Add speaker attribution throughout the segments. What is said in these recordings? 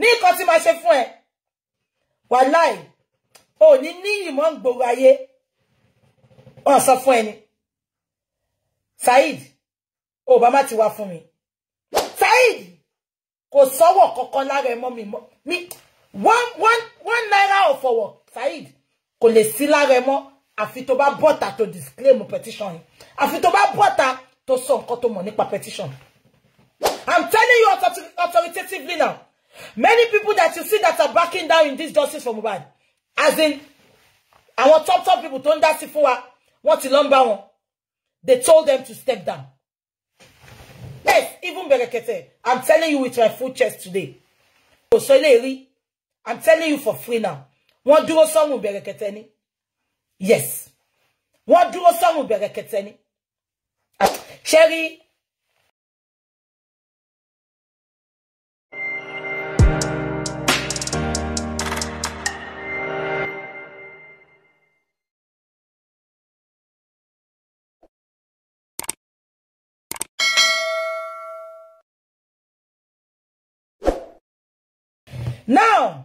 Speaker 1: ní nǹkan tí máa ṣe fún ẹ wàláì ò ní níyì mọ́ ń gbòòrò ayé wọn sọ fún ẹni Saheed ò bá má ti wá fún mi Saheed kò sọ́wọ́ kankan lára ẹ mi mọ́ mi one one one naira ọ̀fọ̀wọ̀ Saheed kò lè sí lára ẹ mọ́ àfi tó bá bọ́ta tó disclaim petition yìí àfi tó bá bọ́ta tó sọ nǹkan tó mọ̀ nípa petition I'm telling you authoritatively now Many people that you see that are backing down in this justice for Mohbad, as in àwọn top top people tó that dá sí the wa, one. They told them to step down. Yes, even Berekete, I'm telling you with my full chest today. So leri, I'm telling you for free now. Wọ́n dúró be Berekete ni. Yes. Wọ́n song with Berekete a Ṣé Sherry. now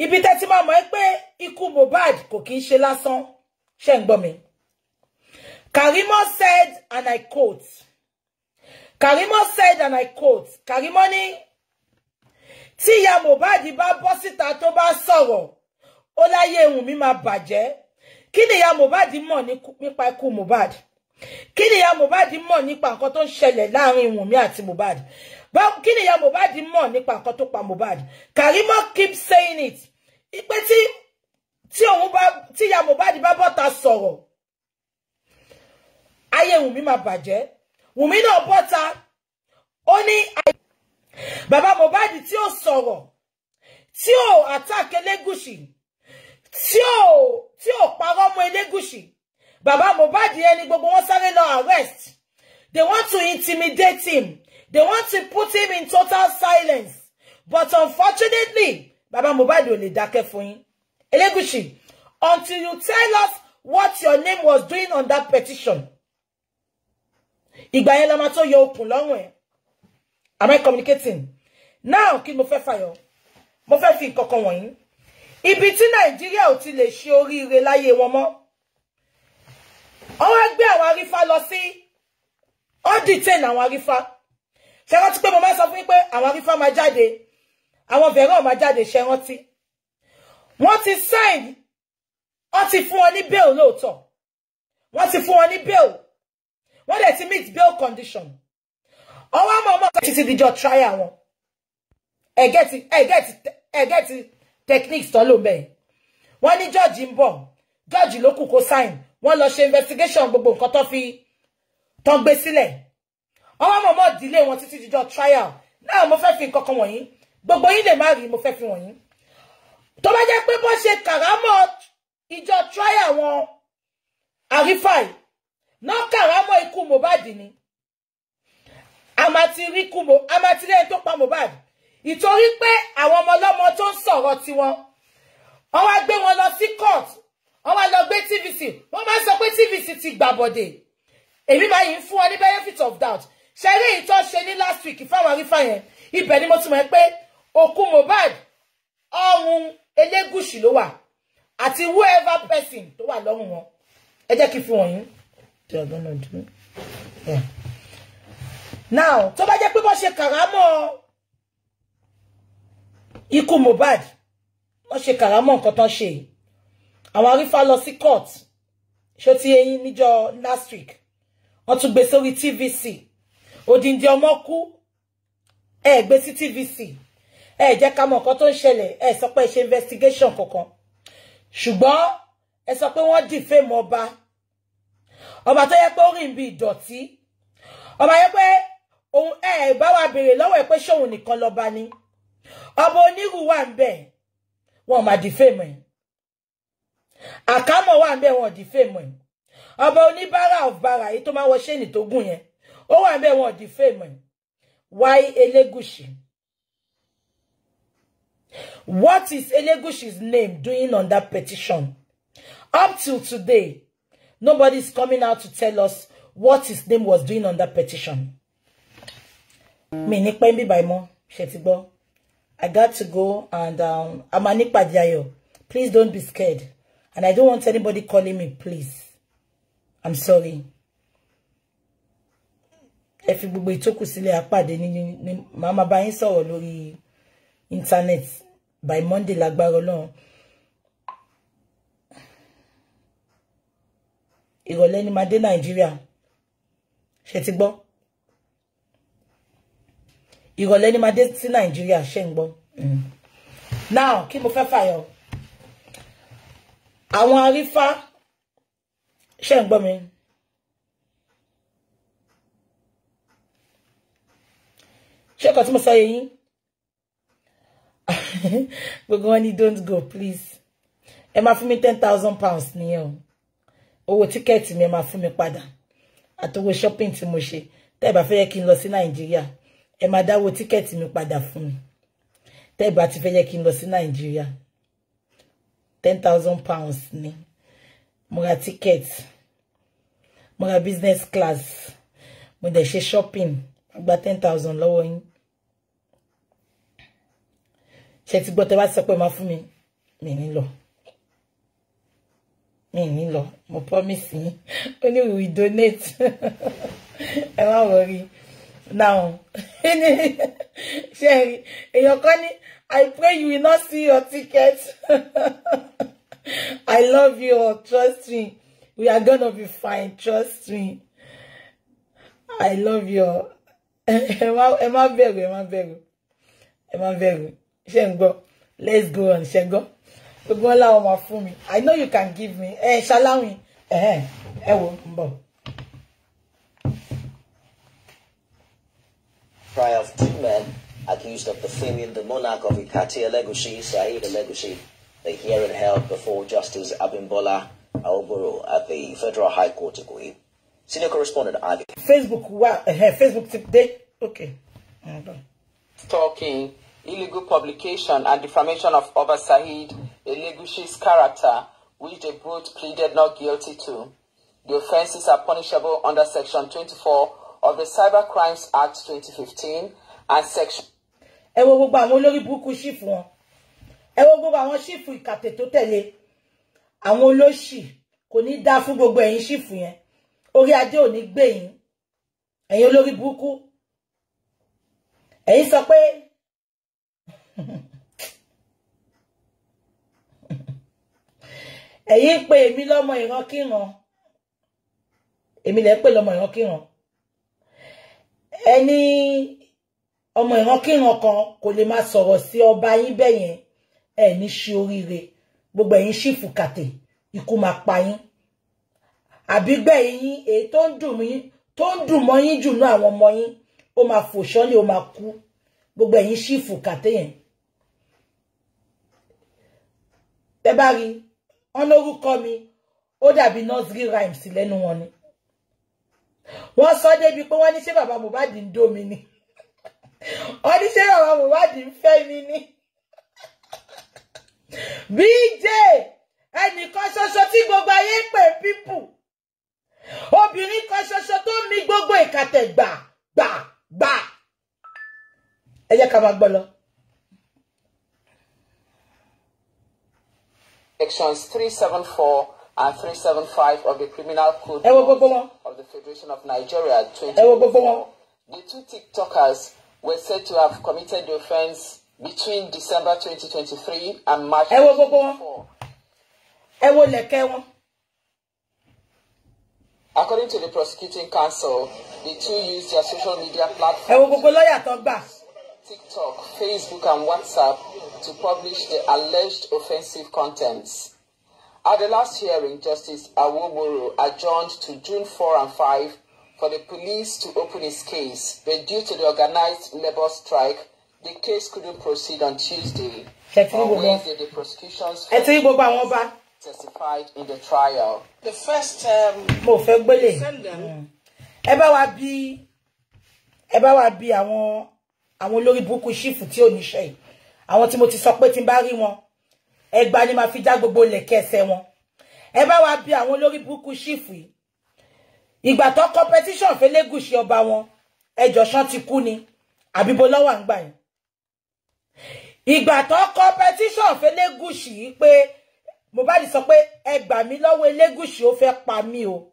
Speaker 1: ibi tẹ́ ti máa mọ̀ pé ikú Mohbad kò kìí ṣe lásán ṣe ń gbọ́ mi Karimo said and I quote Karimo said and I quote Karimo ní tí ìyá Mohbad bá bọ́ síta tó bá sọ̀rọ̀ ó láyé ohun mi máa bàjẹ́ kí ni ìyá Mohbad mọ̀ nípa ikú Mohbad kí ni ìyá Mohbad mọ̀ nípa nǹkan tó ń ṣẹlẹ̀ láàrin Wùnmí àti Mohbad báwo kí nìyá Mohbad mọ̀ nípa nǹkan tó pa Mohbad Karimo keep saying it ipe tí tí òun bá tí ìyá Mohbad bá bọ́ta sọ̀rọ̀ ayé am máa bàjẹ́ Wùmí náà bọ́ta ó ní bàbá Mohbad tí ó sọ̀rọ̀ tí ó attack Elégùṣì tí ó tí ó parọ́ mọ́ bàbá Mohbad yẹn ni wọn sáré lọ arrest they want to intimidate him. They want to put him in total silence. But unfortunately, Baba mobile ò lè dákẹ́ for him. Elegushi, until you tell us what your name was doing on that petition. Ìgbà yẹn la Am I communicating? Now, kí mo fe fire, Mo fe fi nǹkan kan wọ̀nyí. Ibi tí Nàìjíríà ò ti lè ṣe oríire láyé wọn mọ́. Wọ́n wá gbé àwọn arífá lọ sí. detain àwọn arífá. ṣé rántí pé mo máa sọ fún yín pé àwọn arífá máa jáde àwọn veron máa jáde ṣé rántí wọ́n ti sign wọ́n ti fún wọn ní bail wọ́n ti fún wọn ní wọ́n dẹ̀ ti meet bill condition ọwọ́ mama, ọmọ ọ̀gá títí dijọ́ trial wọn ẹ̀gẹ́ get ẹ̀gẹ́ ti ẹ̀gẹ́ ti techniques tán ló bẹ́ẹ̀ wọ́n ní jọ́ọ̀jì ń bọ̀ jọ́ọ̀jì ló kó sign wọ́n lọ ṣe investigation gbogbo nǹkan tó fi tán gbé sílẹ̀ wọ́n wá mọ̀mọ́ ìdílé wọn títí dijọ́ trial náà mo fẹ́ fi nǹkan kan wọ̀nyí gbogbo yín lè má rí mo fẹ́ fi wọ̀nyí tó bá jẹ́ pé bó ṣe kàrámọ̀ ìjọ trial wọn àrífàì náà kàrámọ̀ ikú Mohbad ni àmàtìlẹ́yìn tó pa Mohbad ìtorí pé àwọn ọmọ ọlọ́mọ tó ń sọ̀rọ̀ tiwọn wọ́n wá gbé wọn lọ sí court wọ́n wá lọ gbé TVC wọ́n máa sọ pé TVC ti gbàbọ̀dè èmi máa yìí fún ọ ní benefit of doubt ṣe rí ìtọ́ ṣe ní last week fáwọn arífà yẹn ibẹ̀ ni mo ti mọ̀ pé òkú Mohbad ọ̀run Elégùṣì ló wà àti whoever person tó wà lọ́rùn wọn ẹ jẹ́ kí n fi wọ̀nyí. now tó bá jẹ́ pé wọ́n ṣe kàrámọ́ ikú Mohbad wọ́n ṣe kàrámọ́ nǹkan tán ṣe àwọn arífà lọ sí court ṣó ti eyín níjọ́ last week wọ́n tún gbé sórí TVC odindi ọmọ kú ẹ gbé sí TVC ẹ jẹ́ ká mọ nǹkan tó ń ṣẹlẹ̀ ẹ sọ investigation kankan ṣùgbọ́n ẹ sọ pé wọ́n dìfẹ́ mọ ọba ọba tó yẹ pé ó rìn bí ìdọ̀tí ọba yẹ pé òun ẹ wa bere, lọ́wọ́ ẹ pé ṣóun nìkan lọ́ba ni ọba onírú wà ń bẹ̀ wọn máa dìfẹ́ mọ̀ ẹ́ àkámọ̀ wà ń bẹ̀ wọn dìfẹ́ mọ̀ ẹ́ ọba oníbàárà of bàrà èyí tó máa wọ ṣéènì ó am bẹ́ẹ̀ wọ́n di fèmọ̀ why Elegushi what is Elegushi's name doing on that petition up till today nobody is coming out to tell us what his name was doing on that petition I got to go and um, I'm an Ipadiayo. Please don't be scared. And I don't want anybody calling me, please. I'm sorry. ẹ fi gbogbo ìtókù sílẹ̀ àpàdé ni ní màá máa bá yín sọ̀rọ̀ internet by Monday lágbára Ọlọ́run ìrọ̀lẹ́ ni máa Nigeria Nàìjíríà ṣe ti gbọ́ ìrọ̀lẹ́ ni máa dé sí Nàìjíríà ṣe ń mm. now kí mo fẹ́ fàyọ àwọn arífá ṣe ń gbọ́ mi. ṣé ọkọ tí mo sọ yẹ yín gbogbo wọn ní don't go please ẹ máa fún mi ten thousand pounds nìyẹn o owó tíkẹ́ẹ̀tì mi ẹ máa fún mi padà àtowó shopping tí mo ṣe tẹ́ ẹ bá fẹ́ yẹ kí n lọ sí nàìjíríà ẹ máa dáwó tíkẹ́ẹ̀tì mi padà fún mi tẹ́ ẹ bá ti fẹ́ yẹ kí n lọ sí nàìjíríà ten thousand pounds ni mo ra tíkẹ́ẹ̀tì mo ra business class mo dẹ̀ ṣe shopping gba ten thousand lọ́wọ́ yín ṣe ti gbọ́ tẹ́ bá ti sọ pé máa fún mi mi ní lọ mi ní lọ mo promise yín ó ní we donate ẹ má wọrí now Sherry, rí èèyàn kan ní I pray you will not see your ticket I love you all trust me we are gonna be fine trust me I love you all ẹ má bẹ̀rù ẹ má bẹ̀rù ẹ má bẹ̀rù. ṣe ń gbọ́ let's go on ṣe ń gbọ́ gbogbo ọlá i know you can give me Eh, ṣaláwìn ẹ Eh, ń bọ̀.
Speaker 2: cry of two men accused of defaming the monarch of Ikati Elegushi, Saeed Elegushi. The hearing held before Justice Abimbola Aoboro at the Federal High Court of Ikoi. Senior correspondent Adi.
Speaker 1: Facebook, wow, uh, Facebook today. Okay. Mm
Speaker 2: Talking illegal publication and defamation of Oba Saheed Eleguchi's character, which the both pleaded not guilty to. The offences are punishable under Section 24 of the Cyber Crimes Act 2015 and Section. ẹ gbogbo
Speaker 1: àwọn olórí burúkú gbogbo àwọn ṣífù ìkàtẹ tó tẹ̀lé àwọn olóṣì kò ní dá gbogbo ẹ̀yin ṣífù yẹn orí adé ò ní gbé yín ẹ̀yin olórí burúkú ẹ̀yin sọ ẹ̀yin ń pe èmi lọ́mọ ìrankíran èmi lẹ́ ń pè lọ́mọ ìrankíran ẹni ọmọ ìrankíran kan kò lè máa sọ̀rọ̀ sí ọba yín bẹ́ẹ̀ yẹn ẹ̀ ní ṣe oríire gbogbo ẹ̀yin ṣì fùkàtẹ̀ ikú máa pa yín àbí gbẹ̀yìn yín èyí tó ń dùn mí tó ń dùn mọ́ yín jù àwọn ọmọ yín ó máa fò sọ́lé ó máa kú gbogbo ẹ̀yin ṣì fùkàtẹ̀ yẹn ẹ bá rí i wọn lórúkọ oda ó dàbí nursery rhymes lẹ́nu wọn ni wọ́n sọ débi pé ní ṣé bàbá Mohbad ń dó mi ni wọ́n ní ṣé bàbá Mohbad ń fẹ́ mi ni BJ ẹnìkan ṣoṣo tí gbogbo ayé pè pípù obìnrin kan ṣoṣo tó mi gbogbo ìkàtẹ̀ ba ba ba ẹ jẹ́ ká
Speaker 2: sections 374 and 375 of the criminal code
Speaker 1: of
Speaker 2: the Federation of Nigeria 2024. The two TikTokers were said to have committed the offence between December 2023 and March 2024. According to the prosecuting counsel, the two used their social media
Speaker 1: platforms.
Speaker 2: TikTok, Facebook, and WhatsApp to publish the alleged offensive contents. At the last hearing, Justice Awomoro adjourned to June 4 and 5 for the police to open its case, but due to the organized labor strike, the case couldn't proceed on Tuesday. On Wednesday, the prosecution's testified in the trial. The first um, defendant. Ẹ bá wa
Speaker 1: bí ẹ bá wa bí àwọn àwọn olórí burúkú ṣífù tí ò níṣẹ́ yìí àwọn tí mo ti sọ pé tí n bá rí wọn ẹgbà ni màá fi já gbogbo lẹ̀kẹ̀ ẹsẹ̀ wọn ẹ bá wa bí àwọn olórí burúkú ṣífù yìí ìgbà tó competition fẹlẹ́gùsì ọba wọn ẹjọ́ ti kú ni àbíbo lọ́wọ́ ń gbà yẹn ìgbà tó competition fẹlẹ́gùsì yìí pé Mohbad sọ pé ẹ gbà mí lọ́wọ́ Elégùṣì ó fẹ́ pa mí o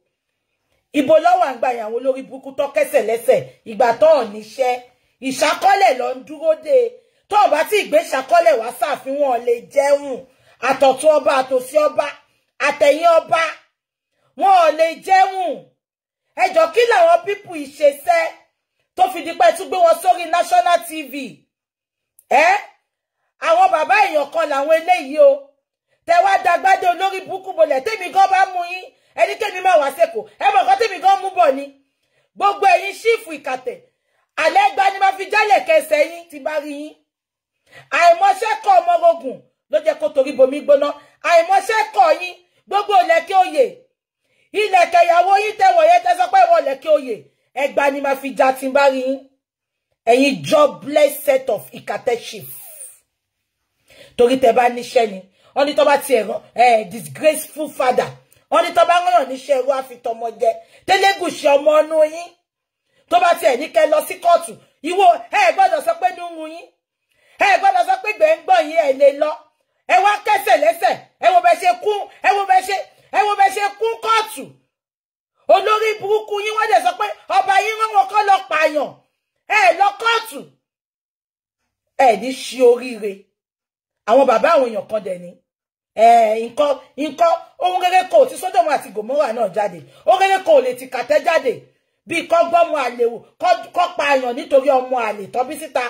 Speaker 1: ibo lọ́wọ́ àgbà yẹn àwọn olórí burúkú tó kẹsẹ̀ lẹ́sẹ̀ ìgbà tó ò níṣẹ́ ìṣàkọ́lẹ̀ ló ń dúró de tó o bá tí ìgbé ìṣàkọ́lẹ̀ wá ṣàfihàn lè jẹun àtọ̀tún ọba àtòsí ọba àtẹ̀yìn ọba wọn ò lè jẹun ẹjọ́ kí làwọn pípù ìṣesẹ́ tó fi di tún gbé wọn sórí national tv ẹ àwọn bàbá èèyàn kan làwọn eléyìí o tẹ wá dagbádé olórí burúkú bolẹ̀ tèmi gan bá mú yín ẹni tèmi máa wá sẹkọọ ẹ mọ nǹkan tèmi gan mú bọ̀ ni gbogbo ẹ̀yin ṣífù ìkàtẹ àlẹ́gbá ni ma fi jálẹ̀ kẹsẹ̀ yín ti bá rí yín àìmọṣẹ́ kọ́ ọmọ ogun ló jẹ́ kó torí bomi gbóná àìmọṣẹ́ kọ́ yín gbogbo ìlẹ̀kẹ̀ oyè ìlẹ̀kẹ̀ ìyàwó yín tẹ̀wọ̀ yẹn tẹ́ sọ pé ìwọ ìlẹ̀kẹ̀ oyè ẹgbà ni máa fi já ti bá rí yín ẹ̀yin jobless set of ìkàtẹ́ṣìf torí tẹ bá níṣẹ́ ni Oni ní tó ti ẹ̀rọ ẹ̀ disgraceful father wọ́n ní tó bá ń ràn níṣẹ́ ẹ̀rọ àfitọ́mọ jẹ tẹ́lẹ̀gùsì ọmọ ọnú yín tiẹ̀ ní kẹ́ lọ sí kóòtù ìwọ ẹ gbọ́dọ̀ sọ pé dùnmù yín ẹ gbọ́dọ̀ sọ pé gbẹ̀ngbọ̀n yín ẹ lè lọ ẹ wá kẹsẹ̀ lẹ́sẹ̀ ẹ wo bẹ ṣe kún ẹ wo bẹ ṣe ẹ wo bẹ ṣe kún kóòtù olórí burúkú yín wọ́n dẹ̀ sọ pé ọba yín rán wọn kọ́ lọ pààyàn ẹ lọ kóòtù ẹ ní ṣe oríire àwọn bàbá àwọn èèyàn kan dẹ̀ ni nǹkan nǹkan ohun rere kò tí Sódòmù àti Gòmórà náà jáde ohun rere kò lè ti kàtẹ́ jáde bíi kọ́ gbọ́mọ àlè wò kọ́ pa àyàn nítorí ọmọ àlè tọ́bí síta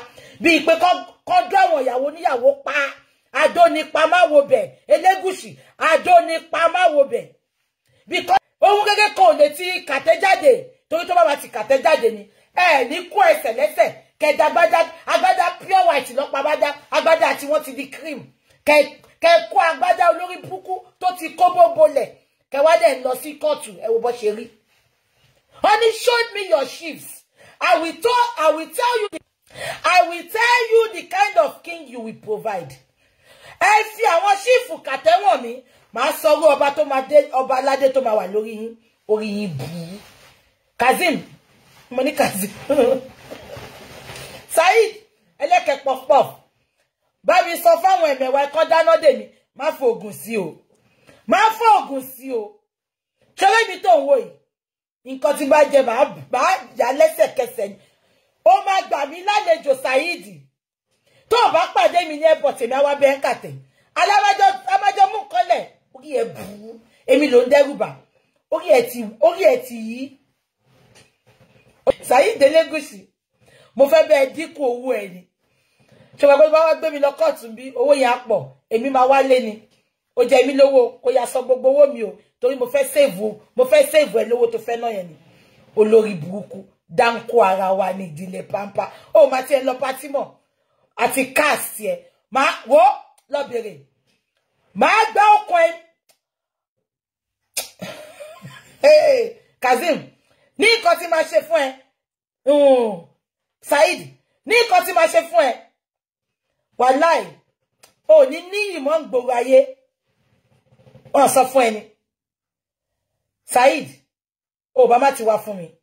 Speaker 1: bíi pé kọ́ dọ́ àwọn ìyàwó níyàwó pa adónipamawobẹ̀ elégùsì adónipamawobẹ̀ bíi kọ́ ohun gẹ́gẹ́ kan ò lè ti kàtẹ́jáde torí tó bá ma ti kàtẹ́jáde ni ẹ ní kó ẹsẹ̀ lẹ́sẹ̀ kẹ̀dá agbádá agbádá pure white lọ́pọ̀ agbádá agbádá tí wọ́n ti di cream kẹ kó agbádá olórí burúkú tó ti kó bóbolẹ̀ kẹwàá dẹ̀ lọ sí kóòtù ẹ wo bó ṣe rí. Honey, show me your sheaves. I will tell I will tell you the, I will tell you the kind of king you will provide. Ẹ fi I want kàtẹ́wọ̀n for màá sọrú ọba tó máa dé ọba aládé to my wà lórí yín, Money yín Said. ú. Kazeem, mo Baby Kazeem. Saheed, ẹlẹ́kẹ̀ pọ̀pọ̀. Bá mi sọ fáwọn ẹ̀mẹ̀wá ẹ̀kọ́ dáná dè mí, má fògùn sí o. Má fògùn nǹkan tí bá jẹ màá yà lẹ́sẹ̀kẹsẹ̀ ni ó máa gbà mí lálejò Saheed tó o bá pàdé mi ní airport èmi àwa bẹ́ẹ̀ kàtẹ́ alábàjọ abájọ mú kọ́lẹ̀ orí ẹ̀ bùrú èmi ló ń dẹ́rùbà orí ẹ̀ ti orí ẹ̀ ti yí Saheed Elegushi mo fẹ́ bẹ́ẹ̀ dínkù owó ẹ̀ ni ṣọba pé báwa gbé mi lọ kóòtù bí owó yẹn á pọ̀ èmi máa wálé ni ó jẹ mí lówó kó yá sọ gbogbo owó mi o torí mo fẹ́ sèvù mo fẹ́ sèvù ẹ lówó tó fẹ́ yẹn ni olórí burúkú dáńkó ara wa ní pampa ó máa tiẹ̀ lọ pátí mọ̀ àti káàsì ẹ̀ máa wò lọ́bìnrin máa gbá ọkọ ẹ Kazim. ní nǹkan tí máa ṣe fún ẹ hmm, ní nǹkan tí máa ṣe fún ẹ wàláì ò ní ní ìmọ̀ ń gbòòrò ayé wọn sọ fún Said, obama ti wa fún mi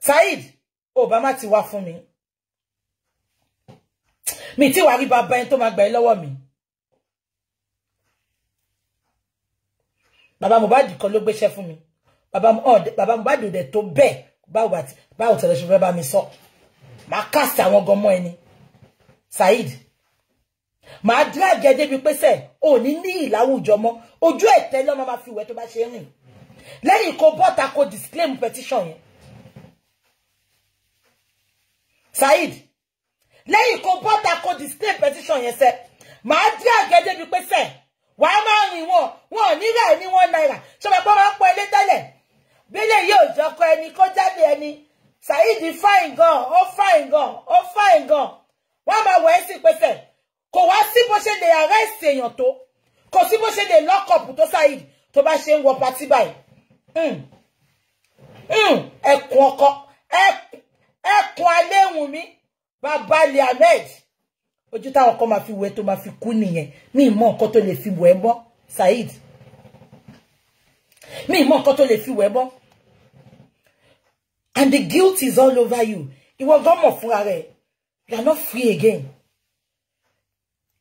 Speaker 1: Said, obama ti wa fún mi mi ti wá rí bàbá ẹni tó máa gbà ẹ́ lọ́wọ́ mi bàbá Mohbad kan ló gbéṣẹ́ fún mi bàbá bàbá Mohbad ba dẹ̀ tó bẹ́ẹ̀ báwo tẹ̀lé ṣe fẹ́ bá mi sọ màá kásì àwọn ọgọmọ ẹni Saheed màá díràgì ẹ débi pésẹ ò ní ní ìláwùjọ mọ́ ojú ẹ̀tẹ́ lọ́mọ máa fi ìwẹ̀ tó bá ṣe rìn lẹ́yìn kó bọ́ta kó disclaim petition yẹn Saheed lẹ́yìn kó bọ́ta kó disclaim petition yẹn sẹ́ màá díràgì ẹ débi pésẹ wà á máa rìn wọn wọn ò ní rà ní wọn náírà ṣọba pé wọn pọ ilé tẹ́lẹ̀ bílẹ̀ yóò jọkọ ẹni kó jáde ẹni Saheed fine gan ó fine gan ó fine gan wọn máa wọ ẹ sí pésẹ. kò wá sí bó ṣe lè arrest èèyàn tó kò sí bó ṣe lè lock up tó Saheed tó bá ṣe ń wọ patí báyìí hmm. Hmm. ẹkùn ọkọ ẹkùn aléhùn mi bàbá Ali Ahmed ojú táwọn kan máa fi wẹ tó máa fi kú nìyẹn mi mọ nǹkan tó lè fi wẹ mọ Saheed mi mọ nǹkan tó lè fi wẹ mọ and the guilt is all over you ìwọ gan mọ̀ fúnra rẹ you are not free again.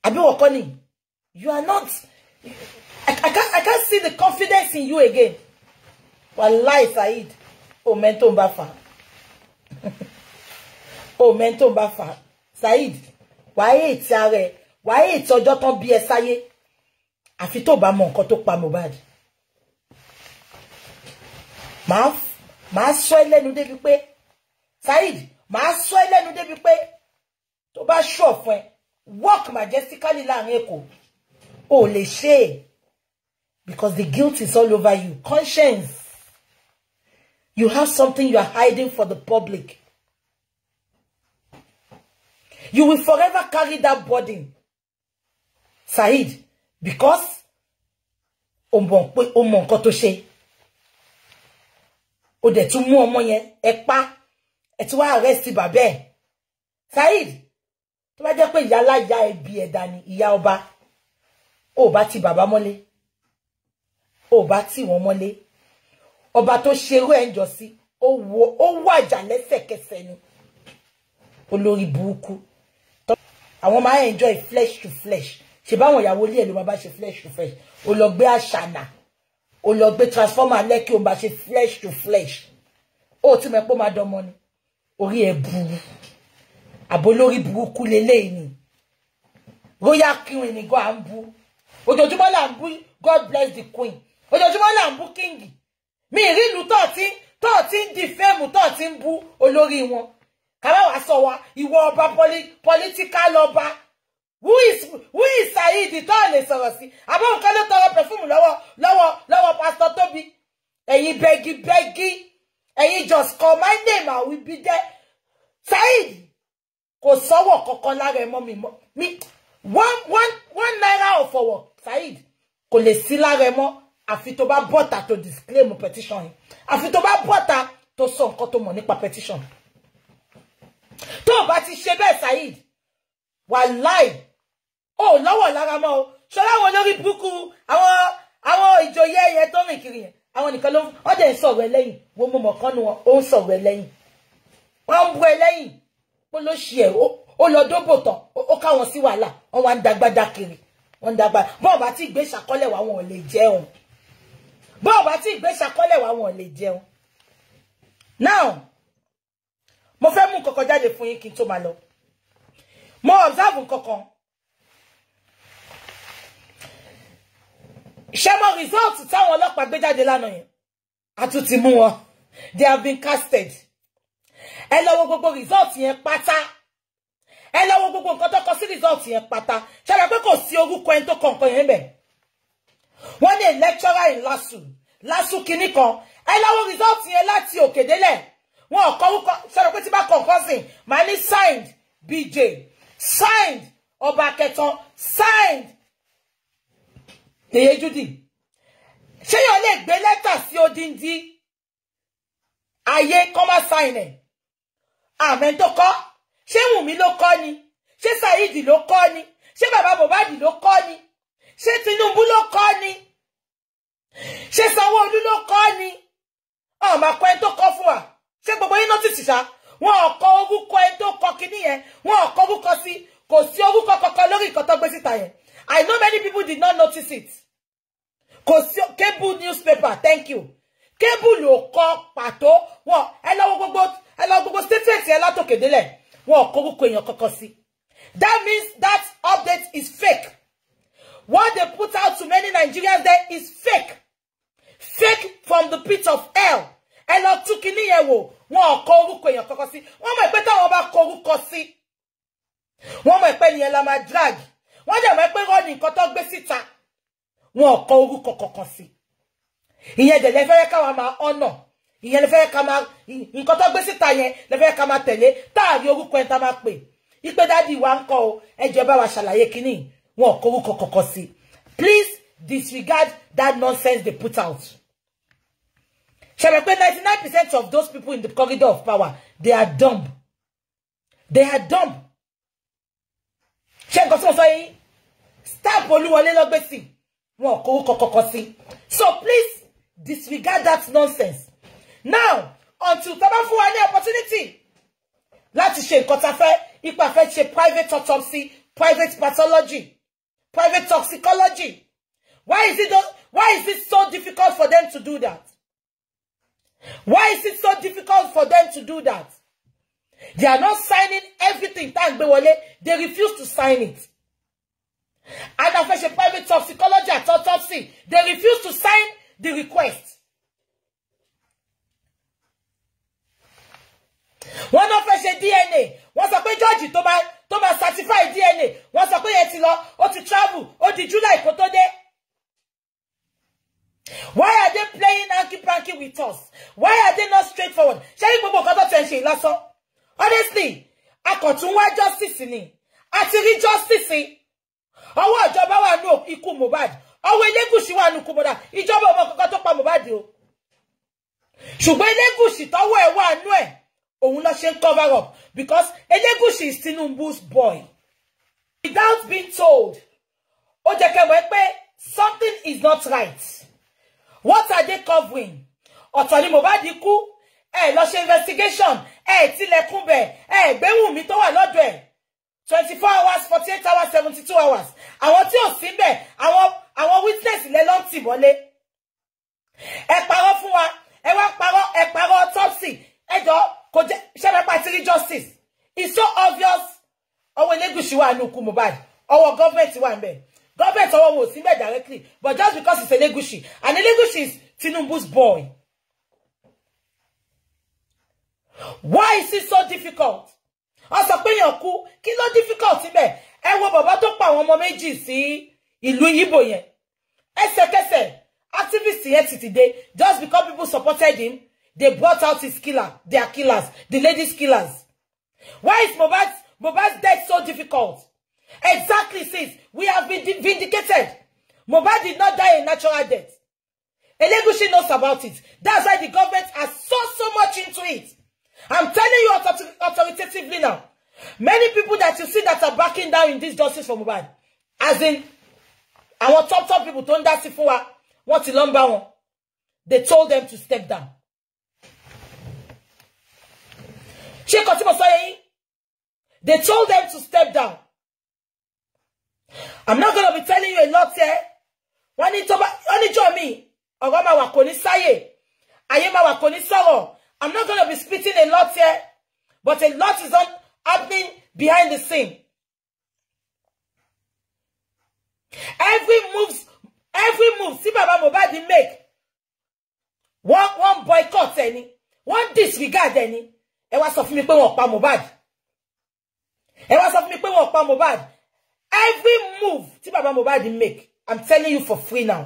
Speaker 1: àbí wọ́n kọ́ you are not I, I, can't, I can't see the confidence in you again wàláì saheed o mẹ́ni tó ń bá fà o mẹ́ni tó ń bá fà saheed wàá ètí ara ẹ wàá ètí ọjọ́ tán bí ẹ sáyé àfi ma bá mọ nǹkan tó pa mohbad màá màá sọ ẹ lẹ́nu débi pé saheed màá sọ ẹ walk majestically láàrin èkó o because the guilt is all over you conscience you have something you are hiding for the public you will forever carry that burden Said. because o mọ̀ pé o o dẹ̀ tún mú ọmọ yẹn ẹ pa ẹ tún tó bá jẹ́ pé ìyá aláya ẹbí ẹ̀dá ni ìyá ọba ò bá ti bàbá mọ́lé ò bá tì wọ́n mọ́lé ọba tó ṣerú ẹ̀ ń jọ sí ó wàjà lẹ́sẹ̀kẹsẹ̀ ni olórí burúkú àwọn máa ń enjoy flesh to flesh ṣe báwọn ìyàwó ilé ẹ̀ ló máa bá ṣe flesh to flesh ó lọ gbé àṣànà ó lọ gbé transformer lẹ́kì ó máa ṣe flesh to flesh ó tún mẹ́pọ́ máa dánmọ́ ni orí ẹ̀ burú. àbólórí burúkú leléyìí ni royal queen ni god Ambu. ń ojoojúmọ́ god bless the queen ojoojúmọ́ là ń bú king mi ìrìlù tọ́ọ̀tí tọ́ọ̀tí ń di fẹ́ẹ̀mù tọ́ọ̀tí ń bú olórí wọn kàbáwá sọ wa ìwọ ọba political ọba who is who is saheed tó lè sọ̀rọ̀ sí àbáwọn kan ló tọrọ pẹ̀fúmù lọ́wọ́ lọ́wọ́ lọ́wọ́ pásítọ̀ tóbi ẹ̀yin bẹ́gí bẹ́gí ẹ̀yin just call my name I will be there saheed kò sọ́wọ́ kankan lára ẹ̀ mọ́ mi mọ́ mi one one one naira ọ̀fọ̀wọ̀ Saheed kò lè sí lára ẹ̀ mọ́ àfi tó bá bọ́ta tó disclaim petition yìí àfi tó bá bọ́ta tó sọ nǹkan tó mọ̀ nípa petition tó o bá ti ṣe bẹ́ẹ̀ Saheed wàláì o ò lọ́wọ́ lára mọ́ o ṣọlá wọn lórí burúkú àwọn àwọn ìjòyè ẹyẹ tó rìn kiri yẹn àwọn nìkan ló ń ọdẹ ń ẹ lẹ́yìn wo mo mọ̀ kán nu wọn ó ń sọ̀rọ̀ ẹ lẹ́yìn wọ́n ń bú ẹ lẹ́yìn ó ló ṣe ẹ̀ ó lọ dóbò tán ó káwọn sí wàhálà wọn wá ń dagbada kiri wọn ń dagbada bọ́ọ̀ bá tí ìgbé ṣàkọ́lẹ̀ wà wọn ò lè jẹun bọ́ọ̀ bá tí ìgbé ṣàkọ́lẹ̀ wà wọn ò lè jẹun now mo fẹ́ mú nǹkan kan jáde fún yín kí n tó máa lọ mo observe nǹkan kan ṣé mo result táwọn ọlọ́pàá gbé jáde lánàá yẹn a tún ti mú wọn they have been casted ẹ lọ wo gbogbo result yẹn pátá ẹ lọ wo gbogbo nǹkan tó kọ sí result yẹn pátá ṣẹlẹ pé kò sí orúkọ ẹni tó kọ nǹkan yẹn bẹ wọ́n ní lecturer in lasu lasu kinní kan ẹ lọ wo yẹn láti òkè délẹ̀ wọn ò orúkọ ṣẹlẹ pé tí bá kọ nǹkan sìn màá ní signed bj signed ọba kẹtàn signed èyí judy ṣé yóò lè gbé lẹ́tà sí odindi ayé kọ́má sign àmẹ́ tó kọ́ ṣé Wùmí ló kọ́ ni ṣé Saheed ló kọ́ ni ṣé bàbá Mohbad ló kọ́ ni ṣé Tinubu ló kọ́ ni ṣé Sanwó-Olú ló kọ́ ni ọmọ akọ ẹni tó kọ́ fún wa ṣé gbogbo yín nọ́tìsì ṣá wọn ò kọ orúkọ ẹni tó kọ kinní yẹn wọn ò kọ orúkọ sí kò sí orúkọ kankan lórí nǹkan tó gbé síta yẹn I know many people did not notice it kò sí cable newspaper thank you cable ò kọ pàtó wọn ẹ lọ́wọ́ gbogbo délẹ̀ that means that update is fake what they put out to many Nigerians there is fake fake from the pit of hell ẹ lọ took in yẹn wò wọn kó orúkọ èèyàn kankan sí wọn mọ̀ pé táwọn bá kó orúkọ drag wọn my mọ̀ pé rọ́ọ̀nì nǹkan tó gbé síta wọn kó orúkọ kankan sí ìyẹn lè fẹ́ ká máa nǹkan tó gbé síta yẹn lè fẹ́ ká máa tẹ̀lé táàrí orúkọ ẹ̀ tá máa pè ipe dádì wa ń kọ́ o ẹjọ́ bá wa ṣàlàyé kínní wọn ò kórúkọ kọ̀ọ̀kan sí please disregard that nonsense they put out ṣẹlẹ̀ pé ninety nine percent of those people in the corridor of power they are dumb they are dumb ṣé nǹkan tí mo sọ yìí stamp olúwọlé lọ́gbẹ́sì wọn ò kórúkọ kọ̀ọ̀kan sí so please disregard that nonsense now until Tabafu a bá fún wa ní opportunity láti ṣe nǹkan tá a private autopsy private pathology private toxicology why is it why is it so difficult for them to do that why is it so difficult for them to do that they are not signing everything tá a they refuse to sign it and a private toxicology at autopsy they refuse to sign the request wọ́n náà fẹ́ ṣe DNA wọ́n sọ pé jọ́ọ̀jì tó bá tó bá certify DNA wọ́n sọ pé yẹn ti lọ ó ti travel ó di July kó tó dé. Why are they playing hanky-panky with us? Why are they not straightforward? ṣé ní gbogbo nǹkan tó tẹ̀ ń ṣe lásán? honestly akọ̀tún wá justice ni àti rí justice ọwọ́ ìjọba wà nù ikú Mohbad ọwọ́ Elégùṣì wà nù ikú Mohbad ìjọba ọmọ kankan tó pa Mohbad o ṣùgbọ́n Elégùṣì tọ́wọ́ ẹ̀ wà nù ẹ̀ òun ló ṣe cover up because Elegushi is Tinubu's boy without being told ó jẹ́ kẹ́ mọ̀ something is not right what are they covering ọ̀tọ̀ ni Mohbad kú ẹ lọ ṣe investigation ẹ tilẹ̀kùn bẹ̀ Eh, gbẹ́wùn mi tó wà lọ́dọ̀ ẹ̀ twenty four hours forty eight hours seventy two hours àwọn tí ò sí bẹ̀ àwọn àwọn witness lẹ ló ń tì mọ́lé ẹ parọ́ fún Eh, ẹ wá Eh, ẹ parọ́ autopsy ẹ jọ kò jẹ́ ṣẹ́fẹ́pá ti justice it's so obvious ọwọ́ Elégùṣì wà ní ikú Mohbad government gọ́ọ̀mẹ̀ntì wà níbẹ̀ gọ́ọ̀mẹ̀ntì ọwọ́ wò síbẹ̀ directly but just because it's a Elégùṣì and Elégùṣì is Tinubu's boy why is it so difficult ọ sọ pé èèyàn kú kí ló difficult síbẹ̀ ẹ wo bàbá tó pa àwọn ọmọ méjì sí ìlú Yíbò yẹn ẹsẹ̀kẹsẹ̀ activist yẹn ti ti dé just because people supported him They brought out his killer, They are killers, the ladies' killers. Why is Mobat's, Mobat's death so difficult? Exactly, sis. We have been vindicated. Mobat did not die a natural death. Elegushi knows about it. That's why the government has so, so much into it. I'm telling you author authoritatively now. Many people that you see that are backing down in this justice for Mohbad, as in our top top people tó ń dá sí fún wa, They told them to step down. ṣé what tí mo they told them to step down i'm not gonna be telling you a lot here. Eh? wọ́n it's tó bá wọ́n ní ní sáyè ayé máa wà sọ̀rọ̀ i'm not gonna be spitting a lot here, eh? but a lot is on happening behind the scene every moves every move See baba Mohbad make One, one boycott any. One disregard any ẹ wá sọ fún mi pé wọ́n pa Mohbad ẹ wá sọ fún mi pé wọ́n pa Mohbad every move tí baba Mohbad make i'm telling you for free now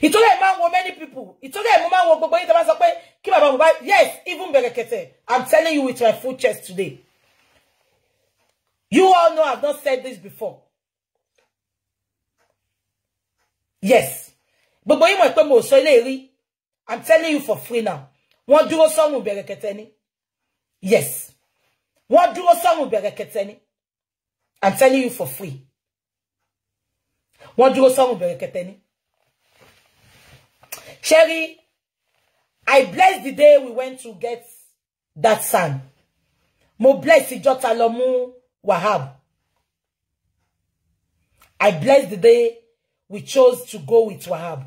Speaker 1: He told máa man wo many people He told mo man ń wo gbogbo yín tó bá sọ pé kí baba Mohbad yes even bẹ̀rẹ̀kẹ̀tẹ̀ i'm telling you with my full chest today you all know i've not said this before yes gbogbo yín mọ̀ pé mo sọ eléyìí i'm telling you for free now wọ́n dúró sọ́run bẹ̀rẹ̀kẹ̀tẹ̀ ni yes wọ́n dúró sọ́run bẹ̀rẹ̀kẹ̀tẹ̀ ni i'm telling you for free wọ́n dúró sọ́run bẹ̀rẹ̀kẹ̀tẹ̀ ni sherry i bless the day we went to get that son mo bless ìjọ lomu wahab i bless the day we chose to go with wahab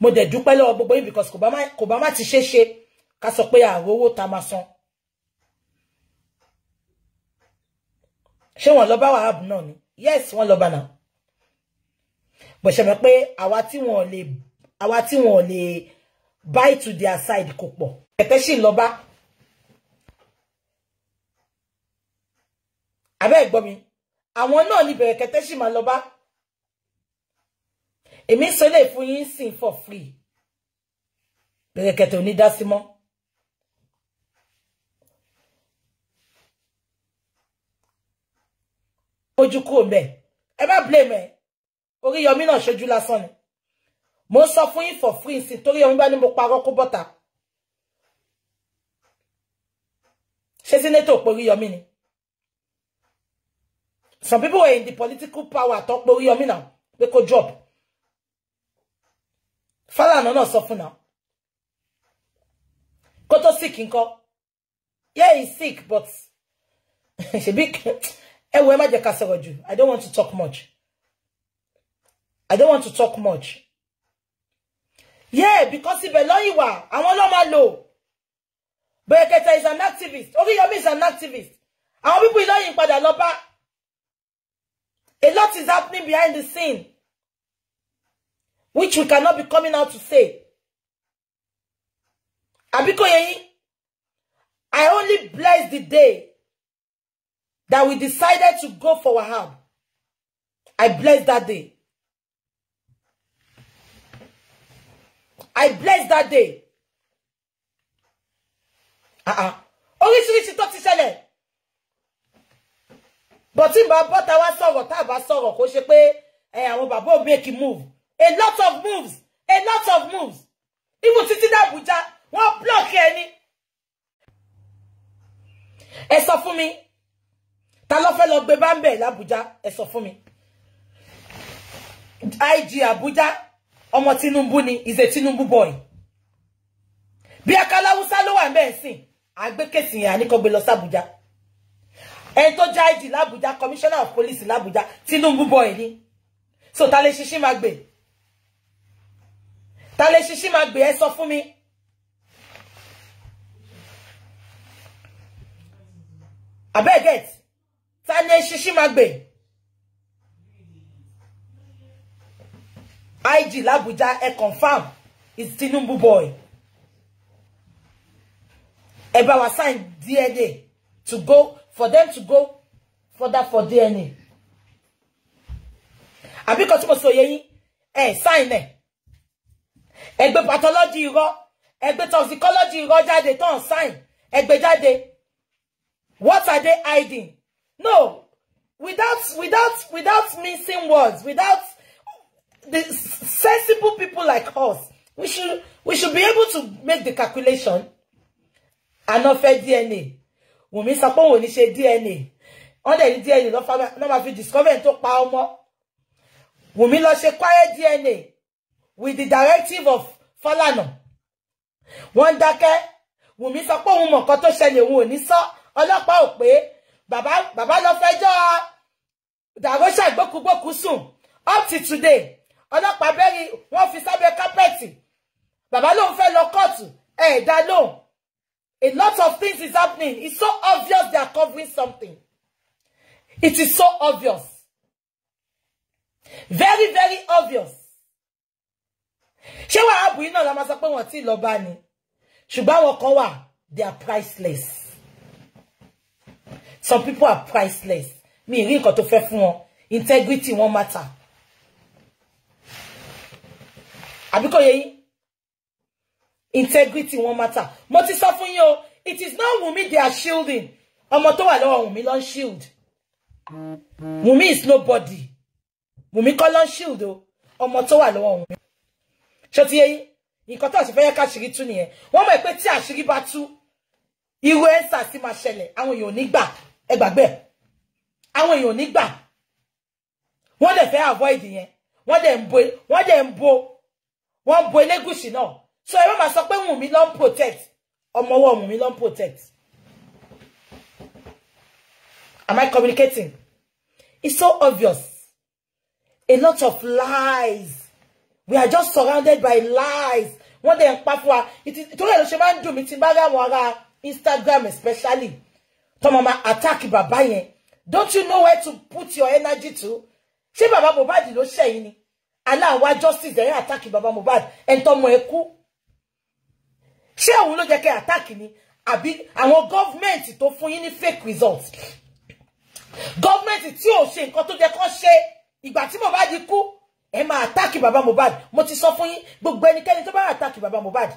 Speaker 1: mo dẹ̀ dúpẹ́ lọ́wọ́ gbogbo yín because kò bá má ti ṣe ṣe ká sọ pé àrò owó ta máa san ṣé wọ́n lọ bá wàhálà náà ni yes won lọ bá náà bó ṣe mọ̀ pé àwa tí wọ́n lè àwa tí wọ́n lè buy to their side kò pọ̀ kẹ̀kẹ́ sì lọ bá abẹ́ gbọ́ mi àwọn náà ní bẹ̀rẹ̀ kẹ̀kẹ́ sì máa lọ bá èmi sọ lè fún yín sìn for free bẹ̀rẹ̀kẹ̀tẹ̀ onídásímọ́ ojú kúrò bẹ̀ ẹ má blame ẹ orí yọmí náà ṣojú lásán ni mo sọ fún yín for free sí torí yọmí bá ní mo parọ́ kó bọ́ta ṣé sínétò pé orí yọmí ni some people were in the political power talk pé orí yọmí náà pé kó drop. Fálànà náà sọ fún náà. Kó tó sick ńkọ́. Yeah, he's sick, but ṣebí ẹ wo ẹ má jẹ́ ká sọ̀rọ̀ jù. I don't want to talk much. I don't want to talk much. Yeah, because ibẹ̀ lọ́yìn wà, àwọn ló máa lò. Bẹ̀rẹ̀kẹ̀tẹ̀ is an activist. Oríyọmí is an activist. Our people Ìlọrin padà lọ bá. A lot is happening behind the scene which we cannot be coming out to say. Abikoyeyi, I only bless the day that we decided to go for Wahab. I bless that day. I bless that day. Uh-uh. Oríṣiríṣi tó But in n bá bọ́ta wá sọ̀rọ̀ I a bá sọ̀rọ̀ kó ṣe pé eh, move. a lot of moves a lot of moves even títí dé Abuja wọ́n block ẹni. ẹ sọ fún mi ta lo fẹ́ lọ gbé bámbẹ̀ l'Abuja ẹ sọ fún mi IG Abuja ọmọ Tinubu ni is a Tinubu boy bí akala Hausa ló wà ń bẹ́ẹ̀ sìn àgbékèsì yẹn àníkọ́gbé lọ s'Abuja ẹni tó jẹ́ IG l'Abuja commissioner of police l'Abuja Tinubu boy ni so ta lè ṣiṣẹ́ máa gbé ta lè ṣiṣí máa gbé ẹ sọ fún mi. abeget ta lè ṣiṣí máa gbé IG labuja ẹ confam is Tinubu boy ẹ bá wa sign DNA to go for them to go further for DNA àbíkọ tí mo sọ yẹ yín sign eh. ẹgbẹ́ pathology irọ́ ẹgbẹ́ toxicology irọ́ jáde tán sign ẹgbẹ́ jáde what are they hiding no without without without missing words without the sensible people like us we should we should be able to make the calculation and not fẹ́ DNA Wùmí sọ pé òun ò ní ṣe DNA wọ́n dẹ̀ ní DNA lọ́ọ́ máa fi discover tó pa ọmọ Wùmí lọ ṣe quiet DNA with the directive of Falano, wọ́n dákẹ́ Wùmí sọ pé òun mọ̀ nǹkan tó ṣẹlẹ̀ òun ò ní sọ ọlọ́pàá ò pé bàbá bàbá lọ fẹjọ́ dàróṣà gbókùgbókù sùn up to today ọlọ́pàá bẹ́rí wọ́n fi sábẹ́ kápẹ́ẹ̀tì bàbá lòun fẹ́ lọ kóòtù ẹ̀ẹ́dá lòun a lot of things is happening it's so obvious they are covering something it is so obvious very very obvious ṣé wàhábù yìí náà la máa sọ pé wọ́n ti lọ bá ni ṣùgbọ́n àwọn kan wà they are priceless some people are priceless mi rí nǹkan tó fẹ́ fún wọn integrity wọn matter àbíkọ́ yẹ yín integrity wọn matter mo ti sọ fún yín o it is not Wunmi they are shielding ọmọ tó wà lọ́wọ́ Wunmi ló shield Wunmi is nobody Wunmi kọ́ ló shield o ọmọ tó wà lọ́wọ́ Wunmi ṣó ti yé yín nǹkan tó àṣìfẹ́ yẹ káṣírí tú nìyẹn wọ́n mọ̀ pé tí àṣírí bá tú irú ẹ́sà sí máa ṣẹlẹ̀ àwọn èèyàn ò ní gbà ẹ gbàgbé àwọn èèyàn ò ní gbà wọ́n dẹ̀ fẹ́ avoid yẹn wọ́n dẹ̀ ń bo wọ́n dẹ̀ ń bo wọ́n ń bo Elégùṣì náà so ẹ má máa sọ pé Wùnmí ló ń protect ọmọ ọwọ́ Wùnmí ló ń protect am I communicating it's so obvious a lot of lies we are just surrounded by lies wọ́n dẹ̀ ń pa fún wa ìtòrí ẹ̀ ló ṣe máa ń dùn mí tí bá ráwọn ará Instagram especially tọmọ ma attack bàbá yẹn don't you know where to put your energy to ṣé bàbá Mohbad ló ṣẹ̀yìn ni aláwa justice ẹ̀yìn attack bàbá Mohbad ẹni tọmọ ẹ kú ṣé òun ló jẹ́ kẹ́ attack ni àbí àwọn gọ́ọ̀mẹ̀ntì tó fún yín ní fake results Government tí ò ṣe nǹkan tó jẹ́ kó ṣe ìgbà tí Mohbad kú ẹ máa àtàkì bàbá Mohbad mo ti sọ fún yín gbogbo ẹnikẹ́ni tó bá àtàkì bàbá Mohbad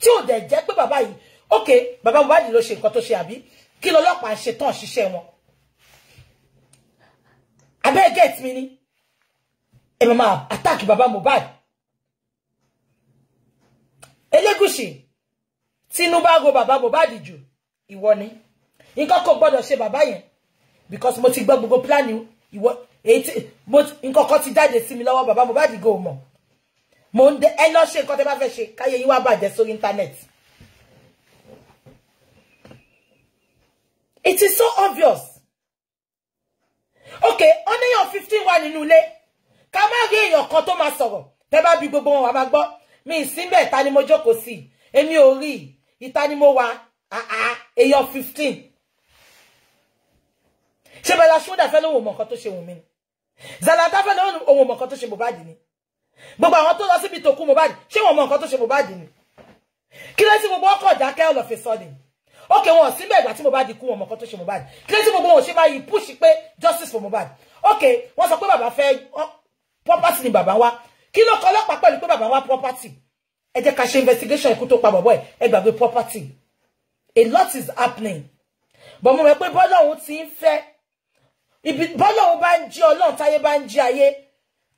Speaker 1: tí ò dẹ̀ jẹ́ pé bàbá yìí ok bàbá Mohbad ló ṣe nǹkan tó ṣe àbí kí lọ́lọ́pàá ṣe tán ṣiṣẹ́ wọn abẹ́ get mi ni ẹ máa máa àtàkì bàbá Mohbad Elégùṣì Tinubu ago bàbá Mohbad jù ìwọ ni nǹkan kò gbọ́dọ̀ ṣe bàbá yẹn because mo ti gbọ́ gbogbo plan ìwọ èyí mo nǹkan kan ti jáde sí mi lọ́wọ́ bàbá Mohbad go mọ̀ mo ń dé ẹ lọ ṣe nǹkan tẹ́ bá fẹ́ ṣe káyé yín wá bàjẹ́ sórí íńtánẹ́ẹ̀tì. It is so obvious. Okay, ó níyàn fifteen one nínú ilé ká má rí èèyàn kan tó máa sọ̀rọ̀ tẹ́ bá bí gbogbo wọn wà máa gbọ́ mi ìsínbẹ̀ ta ni mo jókòó sí èmi ò rí ìta ni mo wà èèyàn fifteen ṣé bẹ́ẹ̀ la ṣúdà fẹ́ ló wò mọ̀ nǹkan tó ṣe wù mí ni. Zalata fẹ́ lọ́nà ohun ọmọ kan tó ṣe Mohbad ni gbogbo àwọn tó lọ síbi tó kú Mohbad ṣé wọn mọ nǹkan tó ṣe Mohbad ni kí ló sì gbogbo ọkọ̀ ìdákẹ́ ọ̀lọ́fẹ́ sọ ni ókè wọn síbẹ̀ ìgbà tí Mohbad kú wọn mọ nǹkan tó ṣe Mohbad kí ló sì gbogbo wọn ṣe máa yí push pé justice for Mohbad ókè wọn sọ pé bàbá fẹ́ property ni bàbá wa kí ló kọ́ ọlọ́pàá pẹ̀lú pé bàbá wa property ẹ jẹ́ investigation ikú tó pa bàbá property a lot is happening bọ̀mọ̀ rẹ̀ pé bọ́lá ibi bọ́lọ́run bá ń jí ọlọ́run táyé bá ń jí ayé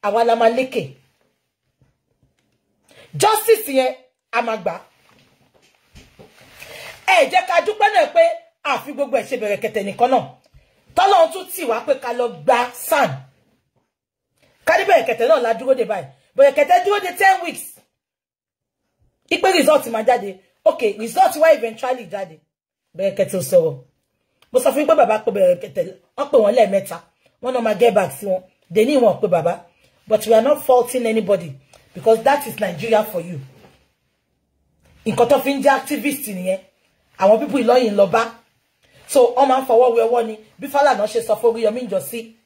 Speaker 1: àwa la máa lékè justice yẹn a máa gbà ẹ jẹ́ ká dúpẹ́ náà pé àfi gbogbo ẹ̀ ṣe bẹ̀rẹ̀ kẹtẹ̀ nìkan náà tọ́lọ́run tún tì wá pé ká lọ gba san kárí bẹ̀rẹ̀ kẹtẹ̀ náà la dúró de báyìí bẹ̀rẹ̀ kẹtẹ̀ dúró de ten weeks ipe result máa jáde ok result wá eventually jáde bẹ̀rẹ̀ kẹtẹ̀ ò sọ̀rọ̀ mo sọ fún pé bàbá pé kẹtẹ wọn pè wọn lẹ́ẹ̀mẹ́ta wọn náà máa get back sí wọn they need wọn pé bàbá but we are not faulting anybody because that is Nigeria for you nǹkan tó fi ń jẹ́ activist nìyẹn àwọn pípù ìlọyìn lọ bá so wọn máa ń fọwọ́ wé ọwọ́ ni bí Falana ṣe sọ fún Oríyọmí ìjọ sí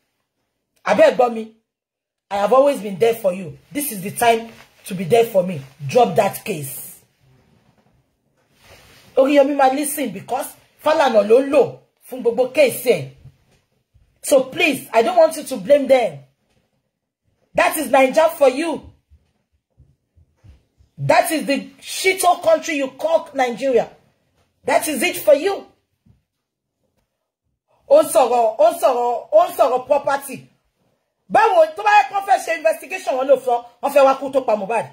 Speaker 1: abẹ́ gbọ́ mi I have always been there for you this is the time to be there for me drop that case Oríyọmí máa listen because Falana ló ń lò so please I don't want you to blame them that is Naija for you that is the shithole country you call Nigeria that is it for you ó ń sọ̀rọ̀ ó ń sọ̀rọ̀ ó ń sọ̀rọ̀ property báwo tó bá yẹ kó investigation on the floor. wọn fẹ́ wá kú tó pa Mohbad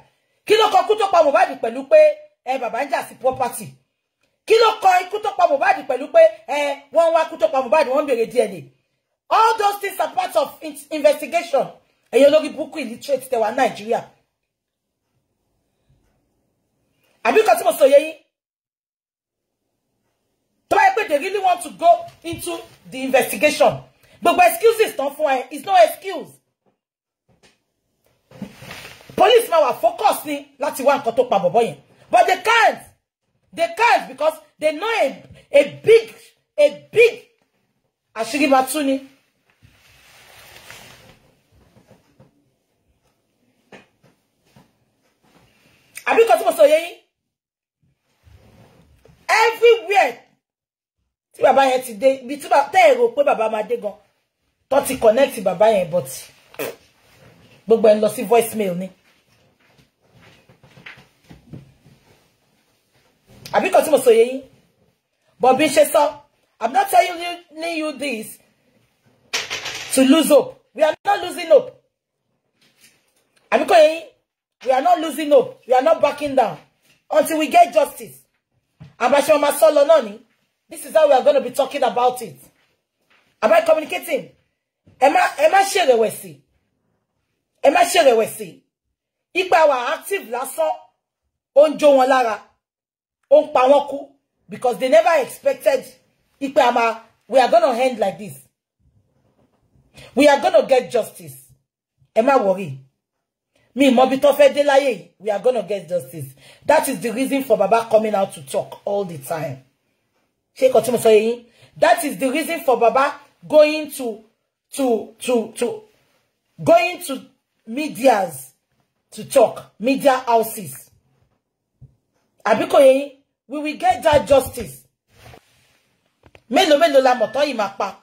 Speaker 1: kí ló kọ kú tó pa Mohbad bàbá ń jà sí property kí ló kọ ikú tó pa Mohbad pẹ̀lú pé ẹ wọ́n wá ikú tó pa Mohbad wọ́n béèrè DNA all those things are part of investigation ẹ̀yin olórí burúkú illiterate tẹwa Nàìjíríà àbí kan tí mo sọ yẹ yín tó bá pé they really want to go into the investigation gbogbo excuses tán fún ẹ is no excuse police man, wà focus ni láti wá nǹkan tó pa bọ̀bọ̀ yẹn but they can't they curse because they know a, a big, a big Ashiri Batsuni. Àbí nǹkan tí mo sọ yé yín? Everywhere tí bàbá yẹn ti mo everywhere ti baba yen today, de ibi tí tẹ́ èrò pé bàbá máa dé gan, tó ti bàbá yẹn but gbogbo ẹ̀ ń voicemail ni. àbí kan tí sọ yé but bí n so sọ i'm not telling you this to lose hope we are not losing hope àbí kan yé we are not losing hope we are not backing down until we get justice àbáṣe ọmọ sọlọ náà ni this is how we are gonna be talking about it am i communicating Am am I I sharing ẹ má Am I sharing ẹ má If ipa wa active lásán ó ń jó wọn lára ó ń pawaku, because they never expected ipe ama we are gonna end like this we are gonna get justice Am I worry Me mọ fẹ́ dé láyé we are gonna get justice that is the reason for baba coming out to talk all the time ṣé kò that is the reason for baba going to to to to going to medias to talk media houses Abiko kò we will get that justice mélòó mélòó la moto imapa.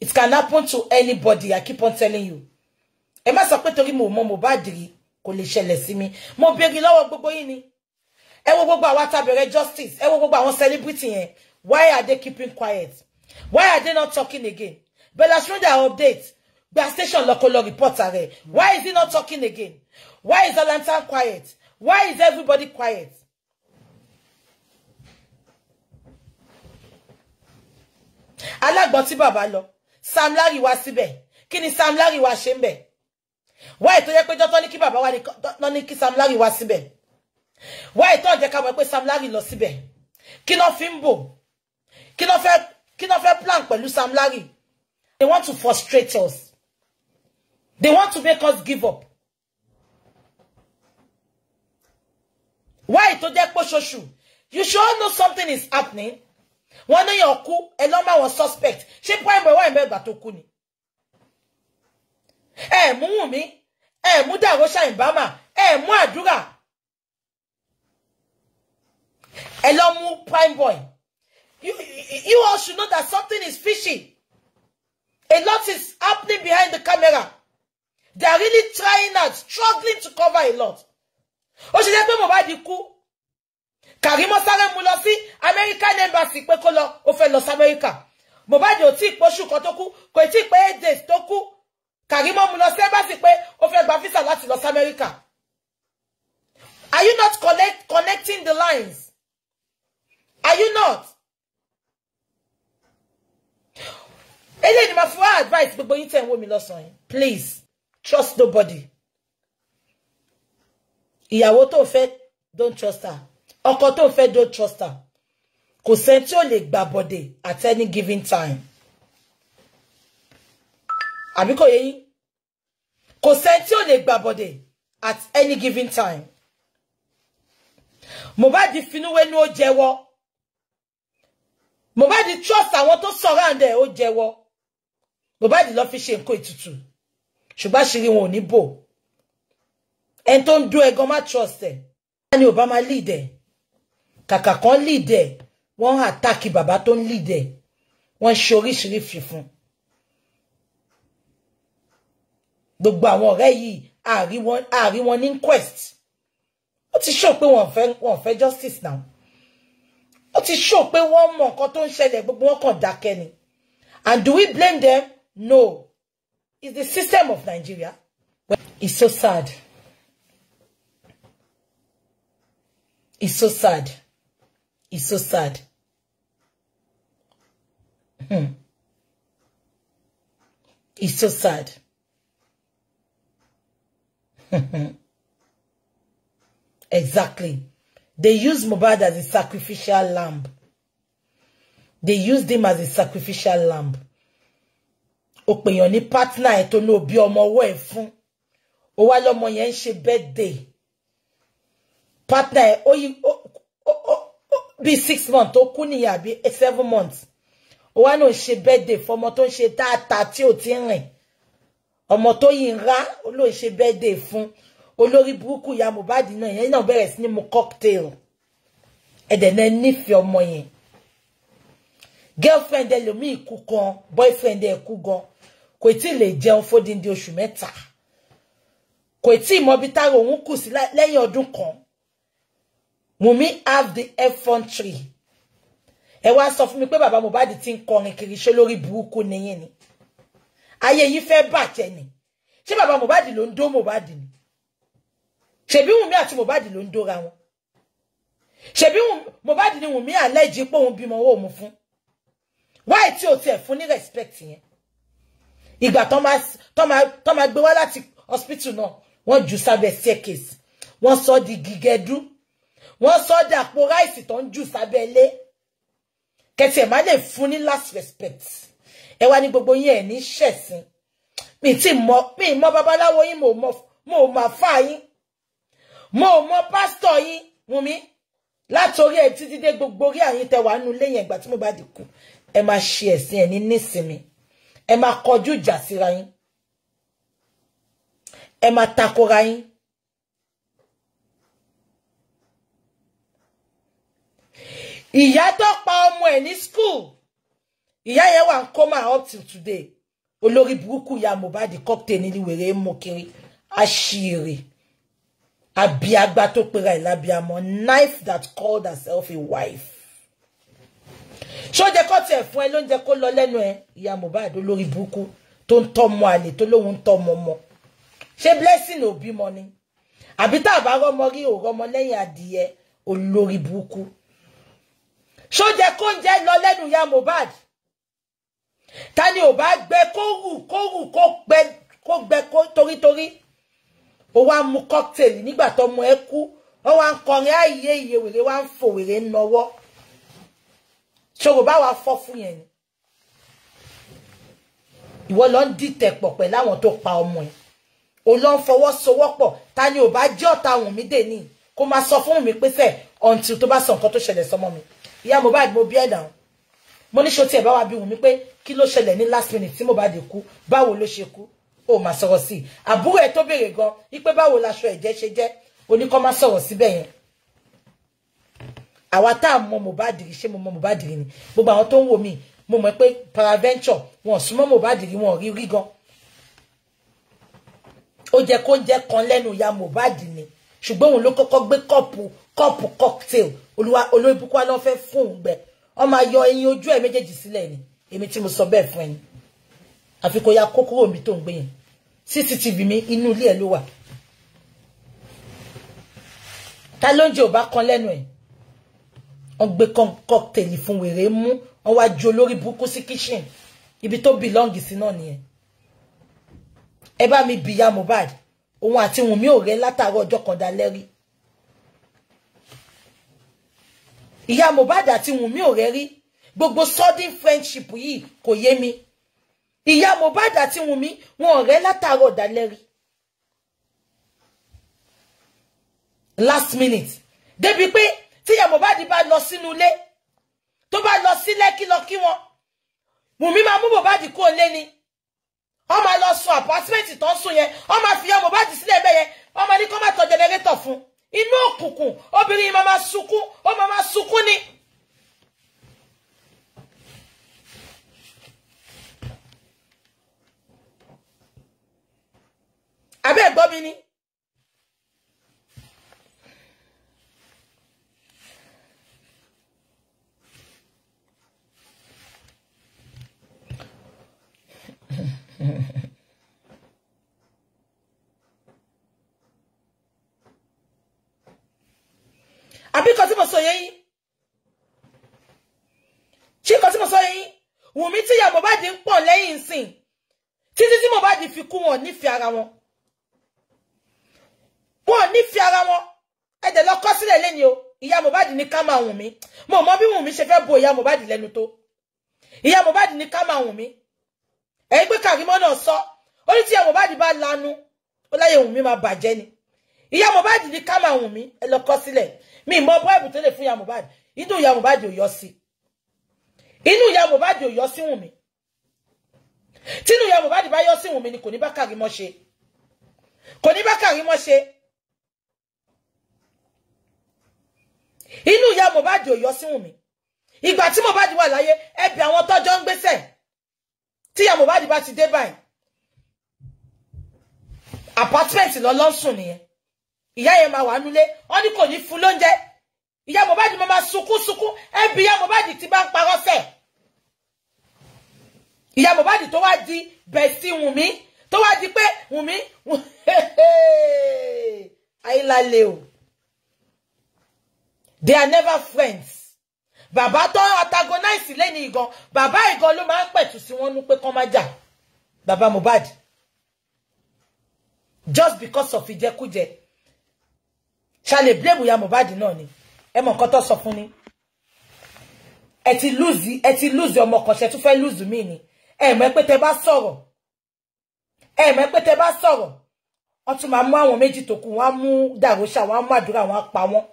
Speaker 1: it can happen to anybody i keep on telling you ẹ má sọ pé torí mo mọ Mohbad rí kò lè mo béèrè lọ́wọ́ gbogbo yín ni ẹ wo gbogbo àwa tá bẹ̀rẹ̀ justice ẹ wo gbogbo àwọn celebrity yẹn why are they keeping quiet why are they not talking again Bella Shmurda update gba station local lọkọlọ reporter why is he not talking again why is Olantan quiet Why is everybody quiet? alágbọ̀n tí bàbá lọ Sam Larry wá síbẹ̀ kí ni Sam Larry wá ṣe ń bẹ̀ wáyé tó yẹ pé jọ́tọ́ ní kí bàbá wá lọ ní kí Sam Larry wá síbẹ̀ wáyé tó jẹ́ ká mọ̀ Sam Larry lọ síbẹ̀ kí ló fi ń bò kí ló fẹ́ kí plan pẹ̀lú Sam Larry they want to frustrate us they want to make us give up why tó jẹ́ pé ṣoṣù you should all know something is happening wọ́n ní your kú ẹ lọ́ máa wọ́n suspect She prime boy wà ní bẹ́ẹ̀ gbà Eh, kú ni. ẹ mú Wùnmí ẹ mú dàrú ṣàìbámà ẹ mú àdúrà ẹ lọ mú prime boy you, you all should know that something is fishy a lot is happening behind the camera they are really trying out struggling to cover a lot ó ṣe jẹ́ pé Mohbad kú Karimo sáré mu lọ sí American embassy pé kó lọ ó fẹ́ lọ sí America Mohbad ò tí ì pọ́ṣù kan tó kú kò tí ì pé eight days tó kú mu lọ sí embassy pé ó fẹ́ gba visa láti lọ America are you not connect, connecting the lines are you not eléyìí ni màá advice gbogbo yín tẹ̀ ń wò mí lọ́sàn-án please trust nobody ìyàwó tó fẹ́ don't trust her ọkọ tó fẹ́ don't trust her kò sẹ́ni tí ò lè gbà at any given time àbí kò yẹ yín kò sẹ́ni tí ò lè at any given time Mohbad finúwẹ́nu ó jẹ́wọ́ di trust àwọn tó surround ẹ̀ ó jẹ́wọ́ Mohbad lọ fi ṣe nǹkan ètùtù ṣùgbọ́n àṣírí wọn ni bo. ẹni tó do dún ẹgan má trust ẹ ni ò bá máa leader, ẹ kàkà kan lead ẹ wọ́n attack bàbá tó ń lead ẹ wọ́n ṣe oríṣiríṣi fún gbogbo àwọn ọ̀rẹ́ yìí àárí wọn ní inquest ó ti show pé wọ́n fẹ́ wọ́n fẹ́ justice now ó ti show pé wọ́n mọ nǹkan tó ń ṣẹlẹ̀ wọn kàn dákẹ́ and do we blame them no it's the system of Nigeria it's so sad. It's so sad. It's so sad. Hmm. It's so sad. exactly. They use Mubad as a sacrificial lamb. They used him as a sacrificial lamb. Ó pèèyàn partner ẹ̀ tó ní òbí ọmọ ọwọ́ ẹ̀ fún. Ó wá lọ́mọ yẹn ń birthday. partner ẹ̀ ó yí bí six months ó kú nìyà bí seven months ó wá náà ṣe birthday fọmọ tó ń ṣe táàtà tí ò ti rìn ọmọ tó yìí ń rá ó lóun ṣe birthday fún olórí burúkú ìyá Mohbad náà ìyẹn náà bẹ̀rẹ̀ sí ní mu cocktail ẹ̀dẹ̀ náà nífẹ̀ẹ́ ọmọ yẹn girlfriend ẹlòmíì kú kan boyfriend e kú gan ti le ì lè jẹun fódìndí oṣù mẹ́ta ti tí ì mọbi tára òun kù sí lẹ́yìn ọdún kan Mumi have the effrontery ẹ wá sọ fún mi pé bàbá Mohbad ti ń kọrin kiri ṣé lórí burúkú nìyẹn ni ayé yìí fẹ́ bàjẹ́ ni ṣé bàbá Mohbad ló ń dó Mohbad ni ṣebí Wunmi àti Mohbad ló ń dóra wọn ṣebí Mohbad ni Wunmi àlẹ́jì pé òun bímọ owó òun fún wáì tí o tiẹ̀ fún ní respect yẹn ìgbà tó máa gbé wá láti hospital náà wọ́n jù sábẹ́ staircase wọ́n sọ di gígẹ́dú wọ́n sọ dàpọ̀ ráìsì tó ń jù sábẹ́ ilé kẹtì ẹ̀ má lè fún ní last respect ẹ wá ní gbogbo yín ẹ̀ ní ṣẹ̀sìn mi ti mo mi mọ babaláwo yín mo mọ mo mọ àfà yín mo mọ pásítọ̀ yín Wùnmí látòrí ẹ títí de gbogbo orí àyín tẹ wà nù léyìn ìgbà tí mo bá dìkù ẹ máa ṣe ẹ̀sìn ẹ ní nísìmí ẹ máa kọjú ìjà síra yín ẹ takora yín ìyá tó pa ọmọ ẹ̀ ní school ìyá yẹn wà ń coma up till today olórí burúkú ya Mohbad cocktail nílùwèrè mọ kiri àṣírí abiagba tó pera ẹ̀ lábiamọ knife that called herself a wife ṣó jẹ́ kó tiẹ̀ fún ẹ ló ń jẹ́ kó lọ lẹ́nu ẹ ìyá Mohbad olórí burúkú tó ń tọmọ àlè tó lóun ń tọmọ ọmọ ṣé blessing ò bímọ ni àbí tá a bá rọmọ rí ò rọmọ lẹ́yìn adìyẹ olórí burúkú ṣójẹ kó ń jẹ lọ lẹ́nu ya Mohbad ta ni ò bá gbẹ kó wù kó wù kó gbẹ kó gbẹ kó torítorí ó wá mu cocktail nígbà tó mu ẹ kú ó wá ń kọrin àìyé iye wèrè wá ń fò wèrè ń nọwọ́ ṣòro bá wa fọ́ fún yẹn ni ìwọ lọ ń dìtẹ̀ pọ̀ pẹ̀lú àwọn tó pa ọmọ ẹ̀ o lọ ń fọwọ́sowọ́pọ̀ ta ni ò bá jẹ́ ọ̀tá Wùnmí dè ní kó máa sọ fún mi pé fẹ́ until tó bá sọ nǹkan tó ṣẹlẹ̀ sọmọ mi ìyá Mohbad mo bí ẹ̀ dàn mo ní ṣòtí ẹ̀ bá wa bí Wùnmí pé kí ló ṣẹlẹ̀ ní last minute tí Mohbad kú báwo ló ṣe kú ó máa sọ̀rọ̀ sí i àbúrò ẹ̀ tó béèrè gan wípé báwo laṣọ ẹ̀jẹ̀ ṣe jẹ́ oníkọ́ máa sọ̀rọ̀ síbẹ̀ yẹn àwa tá a mọ Mohbad rí ṣé mo mọ Mohbad rí ni gbogbo àwọn tó ń wò mí mo mọ̀ pé paraventure wọn súnmọ́ Mohbad rí wọn rí rí gan ó jẹ́ kó ń jẹ́ kan lẹ́nu ìyá Mohbad ni ṣùgbọ́n òun ló kọ́kọ́ gbé kọ́ọ̀pù kọ́ọ̀pù cocktail olúwa olórí búkọ́ ló fẹ́ fún òun gbẹ wọ́n máa yọ ẹyin ojú ẹ̀ méjèèjì ni èmi tí mo sọ bẹ́ẹ̀ fún ẹyin àfi kó ya kókóró mi tó ń gbé yẹn cctv mi inú ilé ẹ̀ ló wà ta ló ń jẹ òbá kan lẹ́nu ẹ̀ wọ́n gbé cocktail fún wèrè mú wọ́n wá ju olórí búkú sí kitchen ibi tó bìlọ́ǹgì sí náà nìyẹn ẹ bá mi bìyà Mohbad òun àti Wùnmí ò rẹ́ látàárọ̀ ọjọ́ kan dalẹ́ rí ìyá Mohbad àti Wùnmí ò rẹ́rí gbogbo sudden friendship yìí kò yé mi ìyá Mohbad àti Wùnmí wọn ò rẹ́ látàárọ̀ rí last minute débi pé tí ìyá Mohbad bá lọ sínú ilé tó bá lọ sí Lẹ́kí lọ kí wọn Wùnmí máa mú Mohbad kúrò lé ni wọ́n máa lọ sun apartment tó ń sùn yẹn wọ́n máa fi ìyá Mohbad sílẹ̀ bẹ́ẹ̀ yẹn máa ní kó má tọ́ generator fún un inú òkùnkùn obìnrin yìí máa sunkún ó máa sunkún ni. àbẹ́ ẹ̀gbọ́n mi ni. Yeah. mi ń pọ̀ lẹ́yìn ìsìn títí tí Mohbad fi kú wọn nífẹ̀ẹ́ ara wọn wọn nífẹ̀ẹ́ ara wọn ẹ̀dẹ̀ lọ kọ́ sílẹ̀ lẹ́ni o ìyá Mohbad ní ká máa wùn mí mo mọ bí wùn mí ṣe fẹ́ bo ìyá Mohbad lẹ́nu tó ìyá Mohbad ní ká máa wùn mí ẹ̀yin pé Kàrímọ́ náà sọ ó ní tí ìyá Mohbad bá lanu ó láyé wùn mí máa bàjẹ́ ni ìyá Mohbad ní ká máa wùn mí ẹ lọ kọ́ sílẹ̀ mi mọ bọ́ẹ̀bù tó lè fún ìyá Mohbad inú ìyá Mohbad ò yọ sí inú ìyá Mohbad ò yọ sí wùn mí tínú ìyá ba bá yọ sí Wùnmí ni kò ní bá Karimo ṣe kò ní bá Karimo ṣe inú ìyá Mohbad ò yọ sí Wùnmí ìgbà tí Mohbad wà láyé ẹbí àwọn tọjọ ń gbèsè tí ìyá Mohbad bá ti dé báyìí apartment lọlọsùn nìyẹn ìyá yẹn máa wà nulẹ̀ wọn ní kò ní fún lóúnjẹ ìyá Mohbad máa sunkún sunkún ẹbí ìyá Mohbad ti bá ń parọ́ ìyá Mohbad tó wá di bẹ̀sí Wùnmí tó wá di pé Wùnmí ayílálẹ̀ o they are never friends bàbá tó antagonize lẹ́ni ìgan bàbá ìgan ló máa ń pẹ̀tù sí wọn nú pé kán má jà bàbá Mohbad just because of ìjẹkújẹ ṣàlè blame ìyá Mohbad náà ni ẹ mọ̀ nǹkan tó sọ fún ni ẹ ti lose ẹ ti lose ọmọ kan ṣe tún fẹ́ lose mí ni ẹ pé tẹ́ bá sọ̀rọ̀ ẹ pé tẹ́ bá sọ̀rọ̀ wọ́n tún máa mú àwọn méjì tó kù wọ́n mú dàróṣà wọ́n mú àdúrà wọ́n pa wọ́n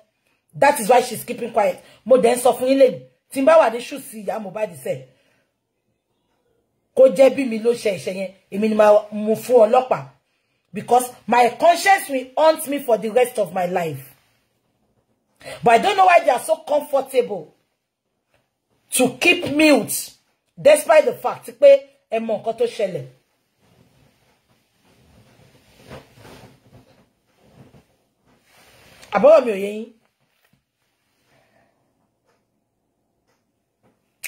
Speaker 1: that is why she is keeping quiet mo dẹ̀ ń sọ fún yín lèmi tí n bá wà ní ṣù sí ìyá Mohbad sẹ́ẹ̀ kó jẹ́ bí mi ló ṣe ìṣẹ́ yẹn èmi ni máa mú fún ọlọ́pàá because my conscience will haunt me for the rest of my life but I don't know why they are so comfortable to keep mute despite the fact pé ẹ mọ nǹkan tó ṣẹlẹ̀. àbọ̀wọ̀ mi ò yé yín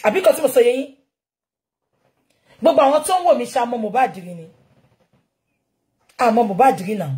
Speaker 1: àbí kan tí mo sọ yé yín gbogbo àwọn tó ń wò mí ṣá mọ Mohbad rí ni àmọ́ Mohbad rí náà.